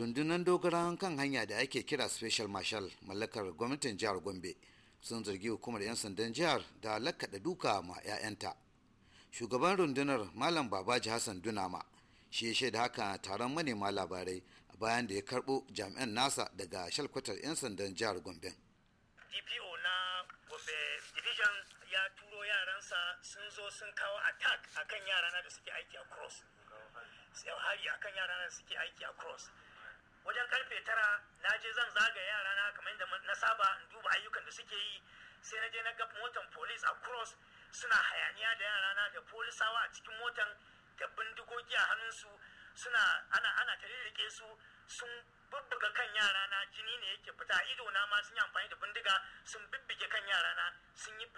rundunar dogaran kan hanya da ake kira special marshal mallakar gwamnatin jihar gombe sun zargi hukumar 'yan sandan jihar da lakkaɗa duka ma 'ya'yanta shugaban rundunar malam babaji hassan dunama shi ya shaida haka taron manema labarai bayan da ya karɓo jami'an nasa daga shalkwatar 'yan sandan jihar gombe dpo na gombe division ya turo yaransa sun zo sun kawo attack akan a kan akan yarana da suke aiki a cross wajen karfe tara na je zan zaga yara na kamar yadda na saba in duba ayyukan da suke yi sai na je na ga motan police a cross suna hayaniya da yara na da polisawa a cikin motan da bindigogi a hannunsu suna ana ana taririke su sun bubbuga kan yara na jini ne yake fita ido na ma sun yi amfani da bindiga sun bibbige kan yara na sun yi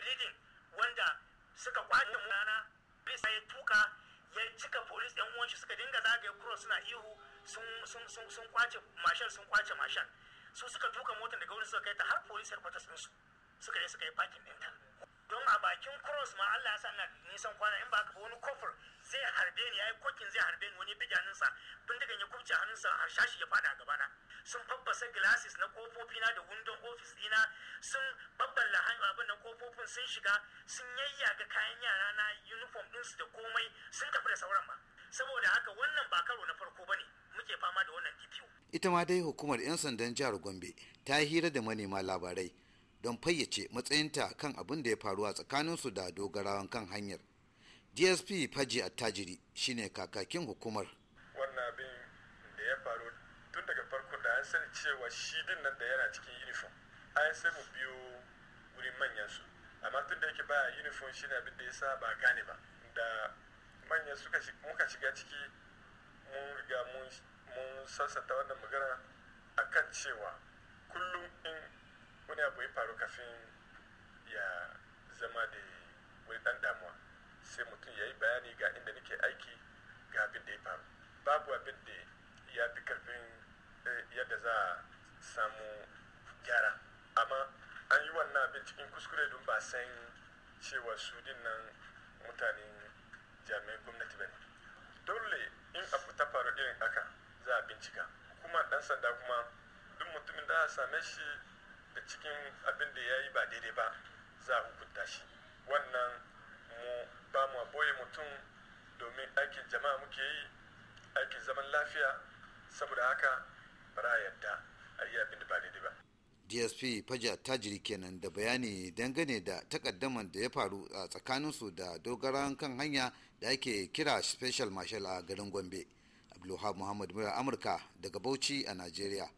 sun kwace mashin sun kwace mashin su suka tuka motar daga wurin suka kai ta har police headquarters su suka je suka yi parking ɗinta don a bakin cross ma Allah ya sa ina nisan kwana in ba ka wani kofar zai harbe ni yayi kokin zai harbe ni wani bige sa bindigan ya kubce sa har shashi ya fada a na. sun babbasa glasses na kofofi na da wundon office dina sun hanyar abin na kofofin sun shiga sun yayyaga kayan yara na uniform su da komai sun tafi da sauran ba saboda haka wannan ba karo na farko bane muke fama da wannan DPO. Ita ma dai hukumar 'yan sandan jihar Gombe ta hira da manema labarai don fayyace matsayinta kan abin da ya faru a tsakaninsu da dogarawan kan hanyar. DSP Faji Attajiri shine kakakin hukumar. Wannan abin da ya faru tun daga farko da an sani cewa shi din nan da yana cikin uniform. An sai mu biyo wurin manyan su. Amma tun da yake baya uniform shine abin da ya sa ba gane ba. Da manyan suka muka shiga ciki mun riga mun sassanta wannan magana a kan cewa kullum in wani abu ya faru kafin ya zama da wani dan damuwa sai mutum ya yi bayani ga inda nake aiki ga abin da ya faru babu abin da ya fi karfin eh, yadda za a samu gyara amma an yi wannan abin cikin kuskure don ba san cewa su din nan mutanen jami'an gwamnati ba ne dole sanda kuma duk mutumin da same shi da cikin abin da ya yi ba daidai ba za a hukunta shi wannan mu ba mu boye mutum domin aikin jama'a muke yi aikin zaman lafiya saboda haka bara yadda a yi abin da ba daidai ba dsp faja tajiri kenan da bayani dangane da takaddaman da ya faru a tsakaninsu da dogaran kan hanya da ake kira special marshal a garin gombe abdulwahab muhammad mai amurka daga bauchi a najeriya